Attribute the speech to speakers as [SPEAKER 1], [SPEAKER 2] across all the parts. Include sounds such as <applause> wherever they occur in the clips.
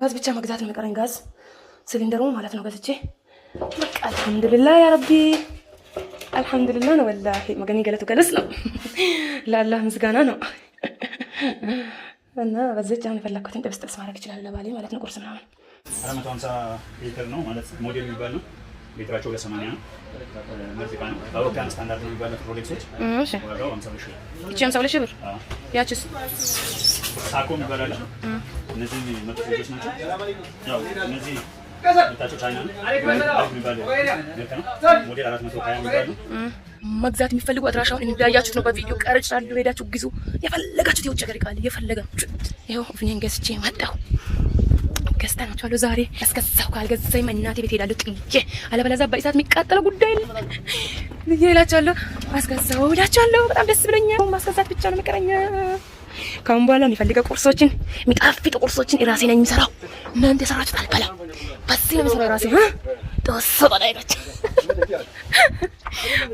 [SPEAKER 1] ጋዝ ብቻ መግዛት ነው የሚቀረኝ ጋዝ ሲሊንደሩ ማለት ነው። ገዝቼ በቃ አልሐምዱሊላህ ያ ረቢ አልሐምዱሊላህ ነው። ወላሂ መገኒ ገለቱ ገለጽ ነው። <laughs> ለአላህ ምስጋና ነው። እና በዚች አሁን የፈለግኩትን ጥብስ ጥብስ ማድረግ ይችላል ለባሌ ማለት ነው። ቁርስ ምናምን
[SPEAKER 2] አራት መቶ ሀምሳ ሊትር ነው ማለት ሞዴል የሚባል ነው። ሊትራቸው ወደ ሰማንያ ነው። መርዚቃ ነው። በአውሮፓውያን ስታንዳርድ ነው የሚባል ሮሌክሶች ዋጋው ሀምሳ ሁለት ሺህ
[SPEAKER 1] ብር። ይቺ ሀምሳ ሁለት ሺህ ብር ያችስ
[SPEAKER 2] ሳኮ የሚባል እነዚህ መቶች ናቸው። ያው እነዚህ ቤታቸው ቻይና ሞዴል አራት መቶ ሀያ የሚባሉ
[SPEAKER 1] መግዛት የሚፈልጉ አድራሻውን እንዳያችሁት ነው። በቪዲዮ ቀርጫለሁ፣ ሄዳችሁ ግዙ። የፈለጋችሁት የውጭ ሀገር ቃል የፈለጋችሁት ይኸው እኔን ገዝቼ መጣሁ። ገዝተናቸዋለሁ። ዛሬ ያስገዛሁ ካልገዛኝ እናቴ ቤት ሄዳለሁ ጥዬ፣ አለበለዚያ በእሳት የሚቃጠለው ጉዳይ ይላቸዋለሁ። አስገዛሁ እላቸዋለሁ። በጣም ደስ ብለኛል። ማስገዛት ብቻ ነው መቀረኛ ከአሁን በኋላ የሚፈልገው ቁርሶችን የሚጣፍጡ ቁርሶችን ራሴ ነኝ የሚሰራው። እናንተ የሰራችሁት አልበላም። በዚህ ነው የሚሰራው ራሴ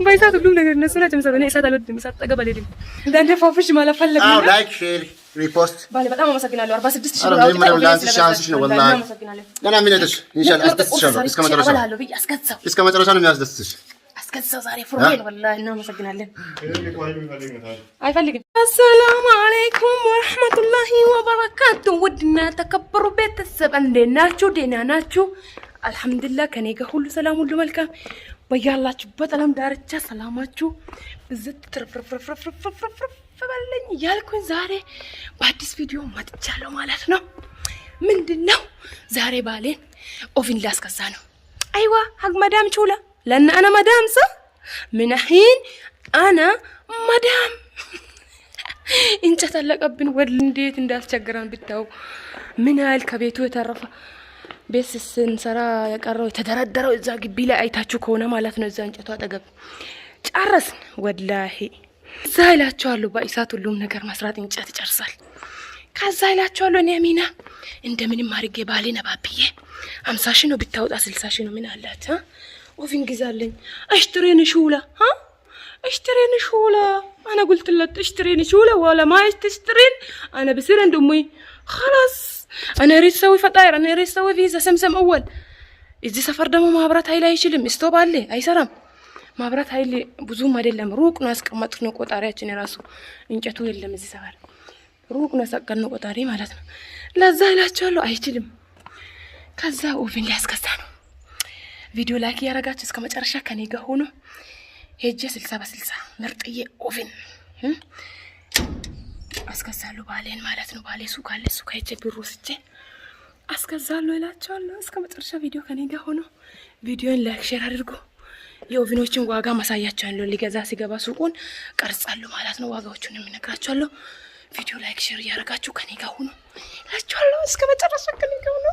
[SPEAKER 1] በእሳት ሁሉም ነገር እነሱ ናቸው የሚሰሩት። እኔ እሳት አልወድም። እሳት ጠገብ አልሄድም። እንዳንተ ፋፍሽ ማለት ፈለግ
[SPEAKER 3] ላይክ ሼር ሪፖስት
[SPEAKER 1] አሰላሙ አለይኩም ወረህመቱላሂ ወበረካቱ። ውድና ተከበሩ ቤተሰብ እንዴት ናችሁ? ደህና ናችሁ? አልሐምዱሊላህ ከኔ ጋር ሁሉ ሰላም፣ ሁሉ መልካም። በያላችሁበት አለም ዳርቻ ሰላማችሁ ብዝት ትርፍርፍርፍርፍርፍርፍ በለኝ እያልኩኝ ዛሬ በአዲስ ቪዲዮ መጥቻለሁ ማለት ነው። ምንድን ነው ዛሬ ባሌን ኦቪን ላስከሳ ነው። አይዋ ሀግ መዳም ቹላ ለእነ አነ መዳም ሰ ምናሂን አነ መዳም እንጨት አለቀብን። ወል እንዴት እንዳስቸግረን ብታው። ምን ያህል ከቤቱ የተረፈ ቤት ስንሰራ የቀረው የተደረደረው እዛ ግቢ ላይ አይታችሁ ከሆነ ማለት ነው። እዛ እንጨቱ አጠገብ ጨረስን። ወላሂ እዛ ይላችኋለሁ። በእሳት ሁሉም ነገር መስራት እንጨት ይጨርሳል። ከዛ ይላችኋለሁ። እኔ ሚና እንደምንም አድርጌ ባሌ ነባብዬ አምሳ ሺህ ነው ብታወጣ ስልሳ ሺህ ነው ምን አላት ኦፊን ግዛለኝ አሽትሬን ሹላ اشتريني شولة أنا قلت لها تشتريني شولة ولا ما تشترين أنا بصير عند أمي خلاص أنا أريد أسوي فطاير أنا أريد أسوي فيزا سمسم እዚህ ሰፈር ደግሞ ማብራት ኃይል አይችልም። ስቶብ አለ አይሰራም። ማብራት ኃይል ብዙም አይደለም፣ ሩቅ ነው ያስቀመጡት ነው። ቆጣሪያችን የራሱ እንጨቱ የለም እዚህ ሰፈር ሩቅ ነው ያሳቀን ነው ቆጣሪ ማለት ነው። ለዛ ይላቸዋለሁ አይችልም። ከዛ ኦቪን ሊያስከሳ ነው። ቪዲዮ ላይክ እያረጋችሁ እስከ መጨረሻ ከኔ ጋር ሆኖ ሄጄ ስልሳ በስልሳ ምርጥዬ ኦቭን አስገዛሉ ባሌን ማለት ነው። ባሌ ሱቅ አለ። ሱቅ ሄጄ ቢሮ ወስጄ አስገዛሉ እላቸዋለሁ። እስከ መጨረሻ ቪዲዮ ከኔ ጋር ሆኖ ቪዲዮን ላይክ፣ ሼር አድርጉ። የኦቭኖችን ዋጋ ማሳያቸዋለሁ። ሊገዛ ሲገባ ሱቁን ቀርጻሉ ማለት ነው። ዋጋዎቹን የምነግራቸዋለሁ። ቪዲዮ ላይክ፣ ሼር እያደረጋችሁ ከኔ ጋር ሆኖ እላቸዋለሁ። እስከ መጨረሻ ከኔ ጋር ሆኖ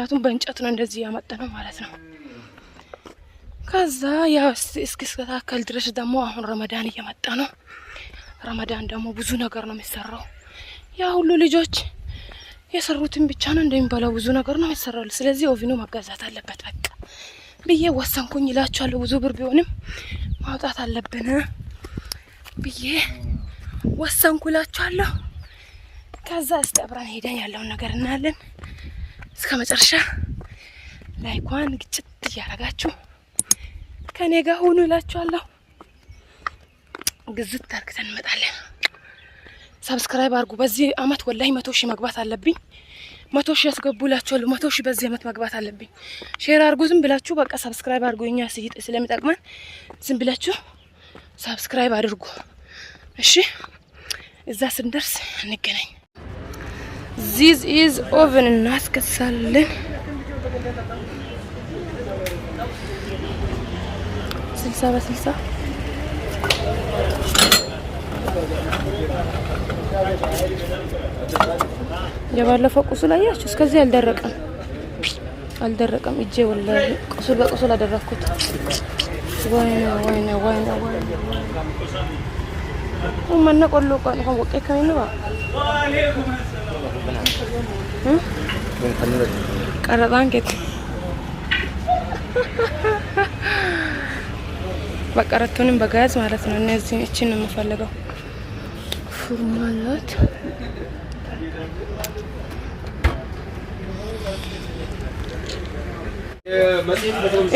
[SPEAKER 1] ምክንያቱም በእንጨት ነው እንደዚህ ነው ማለት ነው። ከዛ ያው እስኪስተካከል ድረስ ደግሞ አሁን ረመዳን እየመጣ ነው። ረመዳን ደግሞ ብዙ ነገር ነው የሚሰራው። ያ ሁሉ ልጆች የሰሩትን ብቻ ነው እንደሚበላው ብዙ ነገር ነው የሚሰራው። ስለዚህ ኦቪኑ መገዛት አለበት በቃ ብዬ ወሰንኩኝ ይላችኋለሁ። ብዙ ብር ቢሆንም ማውጣት አለብን ብዬ ወሰንኩ ይላችኋለሁ። ከዛ እስቲ አብረን ሄደን ያለውን ነገር እናያለን። እስከ መጨረሻ ላይኳን ግጭት እያደረጋችሁ ከኔ ጋር ሁኑ እላችኋለሁ። ግዝት ታርክተን እንመጣለን። ሰብስክራይብ አድርጉ። በዚህ አመት ወላሂ መቶ ሺህ መግባት አለብኝ። መቶ ሺህ ያስገቡ እላችኋለሁ። መቶ ሺህ በዚህ አመት መግባት አለብኝ። ሼር አድርጉ። ዝም ብላችሁ በቃ ሰብስክራይብ አድርጉ። እኛ ስይጥ ስለሚጠቅመን ዝም ብላችሁ ሰብስክራይብ አድርጉ። እሺ፣ እዛ ስንደርስ እንገናኝ። ዚዝ ኢዝ ኦቨን እናስከሳለን። ስልሳ በስልሳ የባለፈው ቁስል አያችሁ፣ እስከዚህ አልደረቀም አልደረቀም። እጄ ወላሂ ቁስል በቁስል አደረኩት። ወይኔ ወይኔ ወይኔ ወይኔ ወይኔ ቀረጻ እንኬት በቀረቱንም በጋዝ ማለት ነው። እነዚህ እችን ነው የምፈልገው። ፉርማናት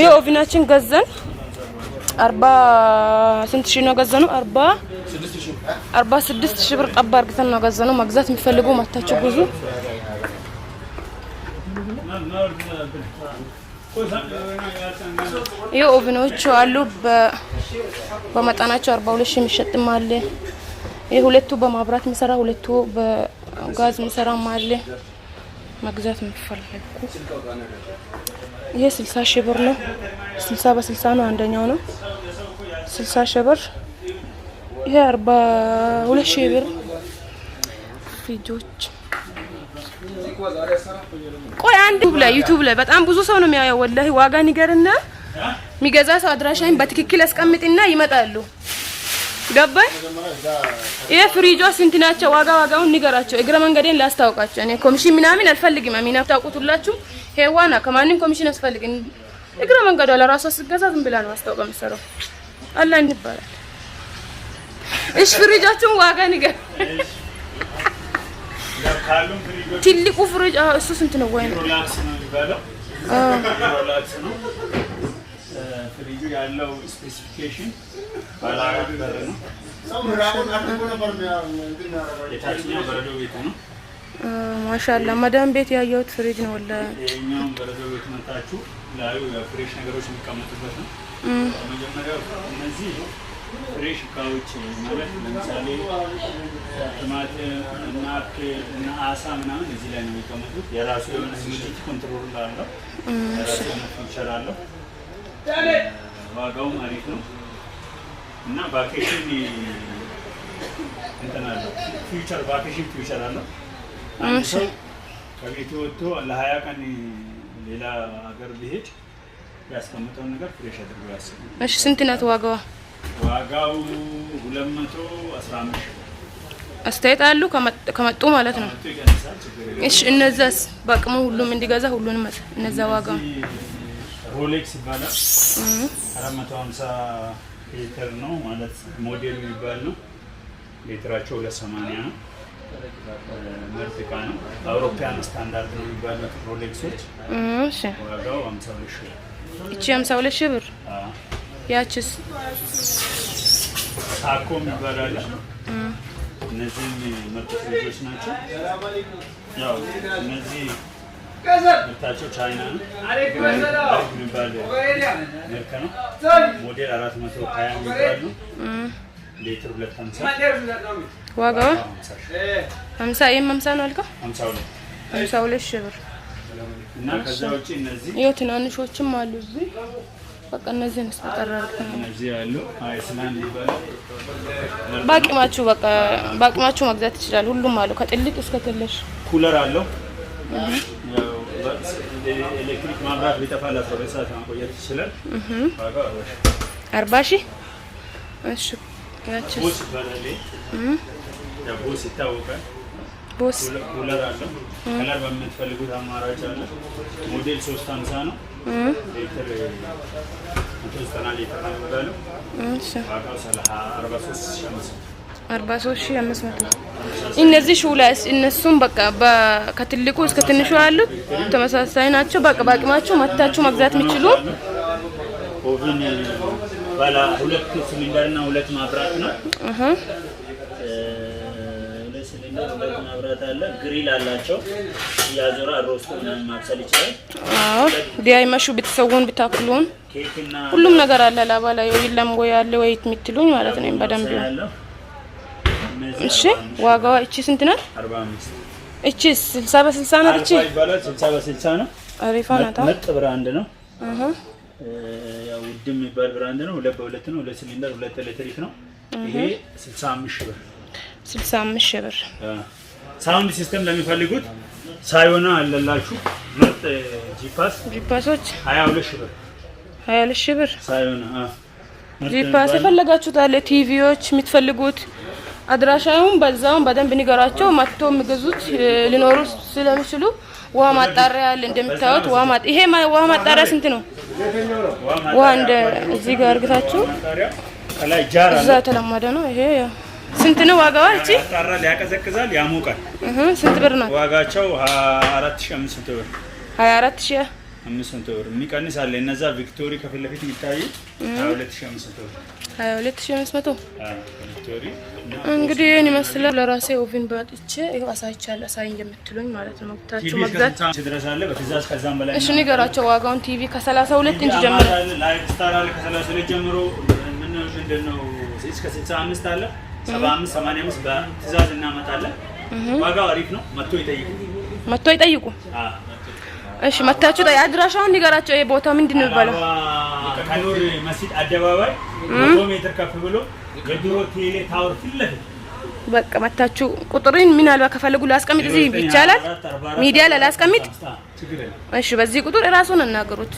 [SPEAKER 1] ይህ ኦቪናችን ገዘን አርባ ስንት ሺ ነው ገዘኑ አርባ አርባ ስድስት ሺህ ብር ቀባ አርግተን ነው ገዛ ነው። መግዛት የሚፈልጉ መታችሁ ብዙ ይህ ኦቭኖቹ አሉ። በመጠናቸው አርባ ሁለት ሺህ የሚሸጥም አለ። ይህ ሁለቱ በማብራት የሚሰራ ሁለቱ በጋዝ የሚሰራም አለ። መግዛት የሚፈልጉ ይህ ስልሳ ሺህ ብር ነው። ስልሳ በስልሳ ነው። አንደኛው ነው ስልሳ ሺህ ብር ይሄ አርባ ሁለት ሺህ ብር ፍጆች። ቆይ አንድ ላይ ዩቲዩብ ላይ በጣም ብዙ ሰው ነው የሚያየው። ወላሂ ዋጋ ንገርና የሚገዛ ሰው አድራሻን በትክክል አስቀምጥና ይመጣሉ። ገባኝ። ይሄ ፍሪጆች ስንት ናቸው? ዋጋ ዋጋውን ንገራቸው። እግረ መንገዴን ላስታውቃቸው። እኔ ኮሚሽን ምናምን አልፈልግም። አሚና ታውቁቱላችሁ። ሄዋና ከማንም ኮሚሽን አስፈልግም። እግረ መንገዷ ለራሷ ስትገዛ ዝም ብላ ነው አስታውቃ የምትሰራው። አላ እንባላል እሺ፣ ፍሪጃችሁን ዋጋ ንገር። ትልቁ ፍሪጅ እሱ ስንት ነው? ወይ ፍሪጁ ያለው ስፔሲፊኬሽን የታችኛው በረዶ ቤት ነው። ማሻላ መዳም ቤት ያየሁት ፍሪጅ ነው። ወላ በረዶ ቤት መታችሁ ላዩ ፍሬሽ ነገሮች የሚቀመጡበት ነው። እነዚህ ፍሬሽ እቃዎች ማለት ለምሳሌ ቲማቲም እና እና አሳ ምናምን እዚህ ላይ ነው የሚቀመጡት። የራሱ የሆነ ሲሚዲቲ ኮንትሮል አለው፣ የራሱ የሆነ ፊቸር አለው። ዋጋውም አሪፍ ነው እና ቫኬሽን እንትን አለው ፊቸር ቫኬሽን ፊቸር አለው። አንድ ሰው ከቤት ወጥቶ ለሀያ ቀን ሌላ ሀገር ቢሄድ ያስቀምጠውን ነገር ፍሬሽ አድርገው ያስብ። እሺ ስንት ናት ዋጋዋ? ዋጋው ሁለት መቶ አስራ አምስት አስተያየት አሉ ከመጡ ማለት ነው። እሺ እነዛስ በአቅሙ ሁሉም እንዲገዛ ሁሉንም እነዛ ዋጋ ሮሌክስ ይባላል። አራት መቶ ሀምሳ ሊትር ነው ማለት ሞዴል የሚባል ነው። ሊትራቸው ሁለት ነው። ምርት ዕቃ ነው። አውሮፓያን ስታንዳርድ ነው የሚባሉት ሮሌክሶች ዋጋው ሀምሳ ሺህ ብር። እቺ ሺህ ብር ያችስ ታኮ ይባላል። እነዚህ መጡት ልጆች ናቸው። ያው እነዚህ ምርታቸው ቻይና ነው ምርት ነው። ሞዴል አራት መቶ ሀያ ሌትር ሁለት ሀምሳ ዋጋው ሀምሳ ይህም ሀምሳ ነው አልከው ሀምሳ ሁለት ሺህ ብር እና ከዛ ውጭ እነዚህ ይኸው ትናንሾችም አሉ እዚህ በቃ እነዚህን ስጠራርኩኝ በአቅማችሁ በቃ በአቅማችሁ መግዛት ይችላል። ሁሉም አለው ከጥልቅ እስከ ትልሽ ኩለር አለው። ኤሌክትሪክ ማብራት ቢጠፋ ለአስራ ሰዓት ማቆየት ይችላል። አርባ ሺህ እሺ፣ ያቺ ይታወቃል ቦስ ኩለር ከለር በምትፈልጉት አማራጭ አለ። ሞዴል 350 ነው። ነው እሺ 43500 እነዚህ ሹላስ እነሱም በቃ ከትልቁ እስከ ትንሹ ያሉት ተመሳሳይ ናቸው። በቃ በአቅማችሁ መታችሁ መግዛት የሚችሉ ኦቨን ባለ ሁለት ሲሊንደርና ሁለት ማብራት ነው። የሚያዝበት መብራት አለ። ግሪል አላቸው። ያዞራ ሮስቶ ምናምን ማብሰል ይችላል። አዎ ቢያይመሹ ብትሰውን ብታክሉን ሁሉም ነገር አለ። ላባ ላይ ወይ ለምቦ ያለ ወይ የምትሉኝ ማለት ነው። በደንብ እሺ። ዋጋዋ እቺ ስንት ናት? እቺ ስልሳ በስልሳ ናት። እቺ ስልሳ በስልሳ ነው። አሪፋ ናት። ምርጥ ብራንድ ነው። ውድ የሚባል ብራንድ ነው። ሁለት በሁለት ነው። ሁለት ሲሊንደር፣ ሁለት ኤሌክትሪክ ነው። ይሄ ስልሳ አምስት ሺህ ብር 65 ሺህ ብር ሳውንድ ሲስተም ለሚፈልጉት ሳዮና አለላችሁ ምርጥ ጂፓስ ጂፓሶች 22 ሺህ ብር 22 ሺህ ብር ሳዮና ጂፓስ የፈለጋችሁት አለ። ቲቪዎች የምትፈልጉት አድራሻውን በዛውን በደንብ ንገራቸው። መጥቶ የሚገዙት ሊኖሩ ስለሚችሉ ውሃ ማጣሪያ አለ። እንደምታዩት ውሃ ማጣ ይሄ ውሃ ማጣሪያ ስንት ነው? ውሃ እንደ እዚህ ጋር እርግታችሁ እዛ የተለመደ ነው። ይሄ ስንት ነው ዋጋዋ? እቺ ያጣራል፣ ያቀዘቅዛል፣ ያሞቃል። ስንት ብር ነው ዋጋቸው? 24500 ብር 24500 ብር። የሚቀንስ አለ። እነዛ ቪክቶሪ ከፊት ለፊት የሚታዩ 22500 ብር 22500 ቪክቶሪ። እንግዲህ ይሄን ይመስላል። ለራሴ ኦቪን ባጥቼ ይሄው አሳይቻለሁ። አሳይኝ የምትሉኝ ማለት ነው። መብታችሁ መግዛት አለ በትእዛዝ ከዛም በላይ እሺ፣ ንገራቸው ዋጋውን። ቲቪ ከ32 ኢንች ጀምሮ ላይፍ ስታር አለ ከ32 ጀምሮ ምን ምንድነው እስከ 65 አለ ሰባ አምስት ሰማንያ አምስት በትዕዛዝ እናመጣለን። ዋጋው አሪፍ ነው። መጥቶ ይጠይቁ፣ መጥቶ ይጠይቁ። እሺ መታችሁ አድራሻውን ንገራቸው። ይሄ ቦታ ምንድን ነው ይባላል? ከኑር መስጊድ አደባባይ መቶ ሜትር ከፍ ብሎ የድሮ ቴሌ ታወር ፊት ለፊት በቃ መታችሁ። ቁጥሩን ምናልባት ከፈለጉ ላስቀምጥ፣ እዚህ ይቻላል፣ ሚዲያ ላይ ላስቀምጥ። እሺ በዚህ ቁጥር እራሱን እናገሩት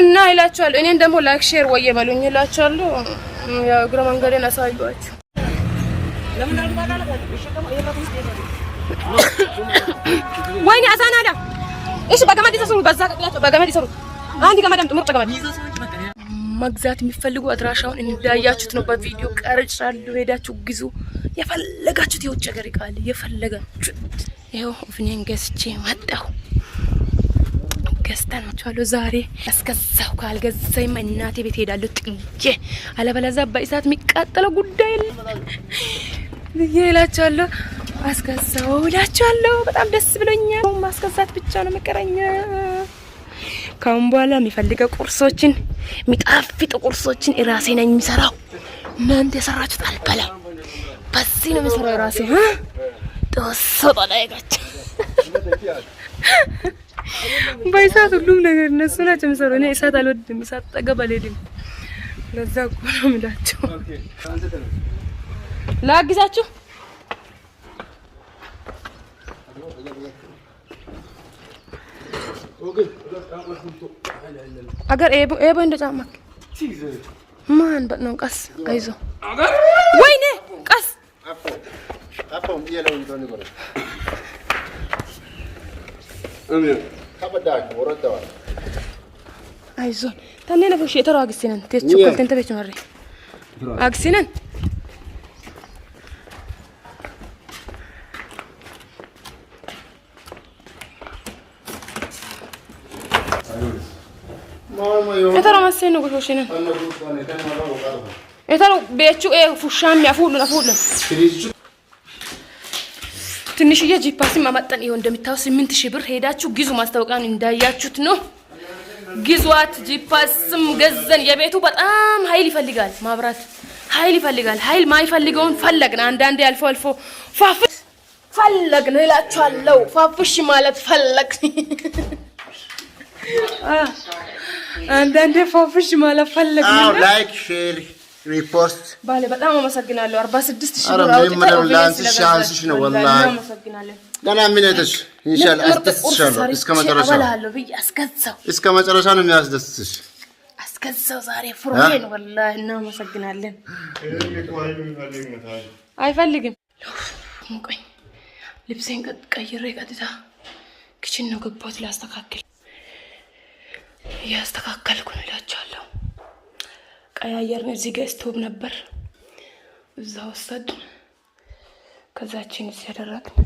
[SPEAKER 1] እና ይላችኋል። እኔን ደግሞ ላይክ ሼር ወይ በሉኝ ያው እግረ መንገዴን አሳዩዋችሁ። ወይኔ አዛናዳ እሺ፣ በገመድ ይሰሩ፣ በዛ ቀጥላቸው፣ በገመድ ይሰሩ። አንድ ገመድ አምጡ፣ ምርጥ ገመድ መግዛት የሚፈልጉ አድራሻውን እንዳያችሁት ነው። በቪዲዮ ቀርጫለሁ፣ ሄዳችሁ ግዙ። የፈለጋችሁት የውጭ ሀገር ይቃል የፈለጋችሁት። ይኸው እኔን ገዝቼ መጣሁ። ገዝተናችኋለሁ ዛሬ። አስገዛሁ ካልገዛኝ እናቴ ቤት ሄዳለሁ ጥዬ፣ አለበለዚያ በእሳት የሚቃጠለው ጉዳይ ብዬ እላቸዋለሁ። አስገዛው እላቸዋለሁ። በጣም ደስ ብሎኛል። ማስገዛት ብቻ ነው መቀረኝ። ካሁን በኋላ የሚፈልገው ቁርሶችን፣ የሚጣፍጡ ቁርሶችን ራሴ ነኝ የሚሰራው። እናንተ የሰራችሁት አልበላ። በዚህ ነው የሚሰራው ራሴ ተወሰጠ ላይቃቸው በእሳት ሁሉም ነገር እነሱ ናቸው የሚሰሩት። እኔ እሳት አልወድም። እሳት ጠገብ አልሄድም። ለዛ እኮ ነው የምላቸው። ላግዛችሁ። አገር ኤቦ እንደ ጫማ ማን በጥ ነው። ቀስ አይዞ ወይኔ ቀስ አይዞ። ታኔ ነፈሽ የተራው አግሲነን ቴቹ ከልተንተ ቤት ማሬ አግስነን Etero massee nu goshooshinan. Etero beechuu ee fushaan mi'a ትንሽዬ ጂፓስ ማመጠን ይኸው እንደሚታየው ስምንት ሺህ ብር ሄዳችሁ ግዙ። ማስታወቂያን እንዳያችሁት ነው። ግዙዋት። ጂፓስም ገዘን። የቤቱ በጣም ኃይል ይፈልጋል። ማብራት ኃይል ይፈልጋል። ኃይል ማይፈልገውን ፈለግን። አንዳንዴ አልፎ አልፎ ፋፍሽ ፈለግን እላችኋለሁ። ፋፍሽ ማለት ፈለግን <laughs> አንዳንዴ ፋፍሽ ማለት ፈለግ ላይክ ሼር ሪፖርት ባለ በጣም አመሰግናለሁ። አርባ ስድስት ሺህ ብር ነው። ወላ ገና ምን አይተሽ ኢንሻአላህ አስደስትሻለሁ። እስከ መጨረሻ አባላለሁ ብዬ እስከ መጨረሻ ነው የሚያስደስትሽ። አስገዛው ዛሬ ፍሮዬን ወላሂ እናመሰግናለን። አይፈልግም ሙቀኝ ልብሴን ቀይሬ ቀጥታ ክችን ነው ገባሁት ላስተካክል እያስተካከልኩ ነው እላቸዋለሁ። ቀያየርን እዚህ ጋ ስቶብ ነበር እዛ ወሰድ ከዛችን ሲያደረግን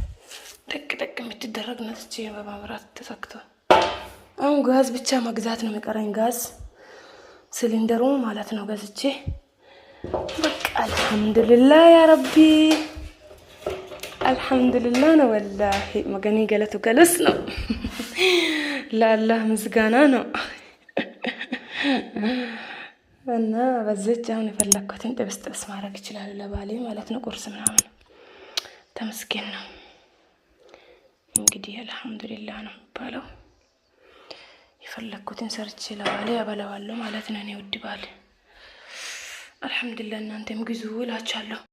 [SPEAKER 1] ደቅ ደቅ የምትደረግ ነች በማምራት ተሰክቶ አሁን ጋዝ ብቻ መግዛት ነው የሚቀረኝ። ጋዝ ሲሊንደሩ ማለት ነው ገዝቼ በቃ አልሐምዱሊላህ ያ ረቢ አልሐምዱሊላህ ነው። ወላሂ መገኒ ገለቱ ገለስ ነው ለአላህ ምስጋና ነው። እና በዚች አሁን የፈለግኩትን ጥብስ ጥብስ ማድረግ ይችላሉ። ለባሌ ማለት ነው ቁርስ ምናምን ተመስገን ነው። እንግዲህ አልሐምዱሊላ ነው የሚባለው። የፈለግኩትን ሰርቼ ለባሌ ያበላዋለሁ ማለት ነው። እኔ ውድ ባል አልሐምዱሊላ። እናንተም ግዙ እላችኋለሁ።